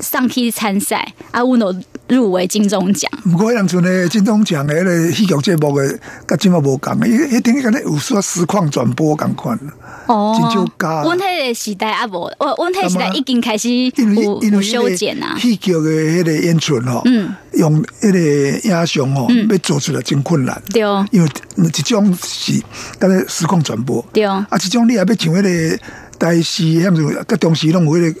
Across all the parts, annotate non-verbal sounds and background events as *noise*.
上去參賽，啊，阮著入圍金鐘獎。毋過有，迄陣時金鐘獎個戲劇節目嘅，佮即嘛無共，迄一定敢若有說實況轉播共款。哦，阮迄個時代啊，無，阮迄個時代已經開始因為因為因為、那個、修剪啊，戲劇嘅迄個演出哦，用迄個影像吼，要做出來真困難。對，因為你即種是，剛才實況轉播。對，啊，即種你也欲像迄個台視，迄毋是，甲當時攏有迄、那個。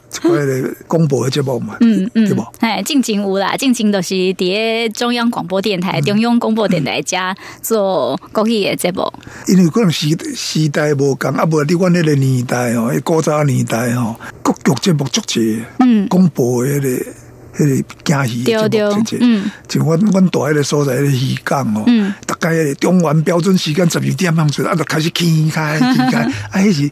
我哋廣播嘅節目嘛，嗯嗯、對冇？哎，進前有啦，進前就是佇誒中央廣播電台、嗯、中央廣播電台加、嗯、做國語嘅節目。因為可能時時代唔同，啊不你我那個年代哦，古早年代哦，國劇節目足濟。嗯，廣播誒，咧，迄個京戲節目足濟。嗯，像我們、嗯、我們住喺咧所在咧，魚港哦，大、嗯、概中原標準時間十二點、嗯、就 *laughs* 啊，開始傾開，傾開，啊，迄時。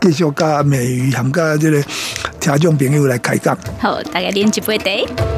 繼續加咪，含加即係聽眾朋友來解答。好，大家飲幾杯茶。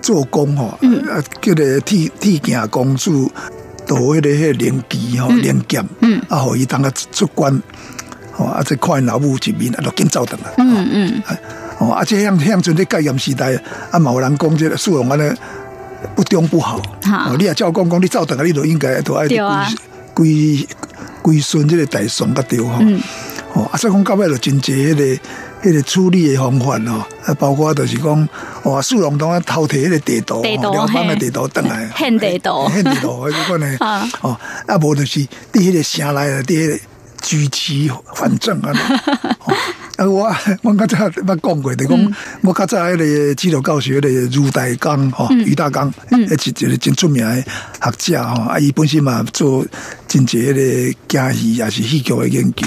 做工吼、嗯嗯嗯嗯，啊，叫你鐵鐵鏡公主，做迄個迄個令箭吼，令箭，啊可伊通啊，出關，啊，一看因老母一面，啊著緊走倒來。嗯嗯，哦，啊只鄉鄉像啲戒嚴時代，嘛有人講即個蘇龍安啲不中不好。好、啊啊，你啊照我講講，你走倒來，你就應該都愛歸歸順即個大宋甲啲。吼、嗯。啊！所講，到尾就真儕迄個、迄個處理嘅方法咯，啊，包括就是講，哇，蘇龍東啊，偷摕迄個地圖，兩班的地圖登來，獻地圖，獻、欸、地圖，啊！ *laughs* 啊，無就是啲迄個城內 *laughs* 啊，啲舉旗反正啊，啊，我我剛才咪講過，就講我剛才喺咧資料教學咧，如大剛吼，俞大綱，嗯，一就是真出名嘅學者吼，啊，伊本身嘛做真儕迄個傢伙，啊，是戲劇嘅研究。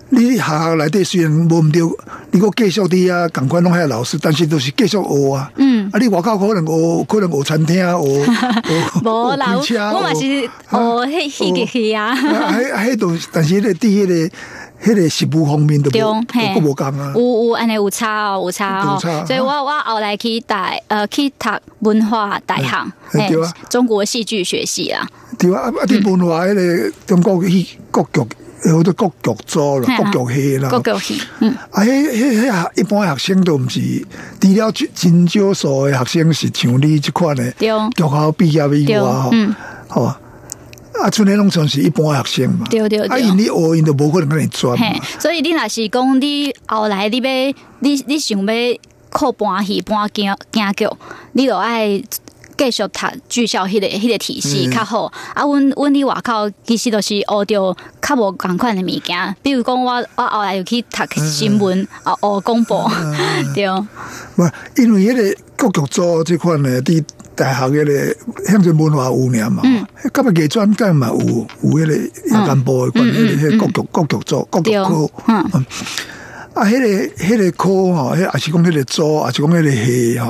你學校裡頭雖然冇唔到，你繼續個基礎啲啊，盡管攏係老師，但是都是繼續學啊。嗯，啊你外口可能學，可能學餐廳學，冇 *laughs* 啦。我嘛是學戲劇戲啊。喺喺度，但是咧啲咧，喺啲食譜方面都冇，咁啊。有有，安尼有差哦，有差哦。差所以我，我我後來去大，誒、啊，去讀文化大學、欸啊欸，中國戲劇學系啊。啊、嗯，文化中國嘅戲劇。有好多國劇組咯，國劇戲啦，國劇戲，嗯，啊，迄迄迄，一般學生都毋是，除了真少數誒學生是像你即款嘅，中學畢業以外，嗯，好，啊，像嚟農算是一般學生嘛，對對啊，因、啊、你學因都無可能甲樣做嘛，所以你若是講你後來你要，你你想要靠搬戲搬京京劇，你就愛。繼續讀聚焦迄個、迄個體系較好、嗯、啊！阮阮佇外口其實都是學着較無共款誒物件，比如講我、我後來又去讀新聞、哎、啊、學廣播，對。因為迄個國劇組即款誒啲大學嘅咧向住文化五年嘛，咁、嗯、啊，嘅專更嘛有有迄個有淡薄嘅關係、嗯嗯嗯那個，國劇國劇組國劇科、嗯，啊，迄、那個、迄、那個科吼，啊是講迄個組啊是講迄個戲吼。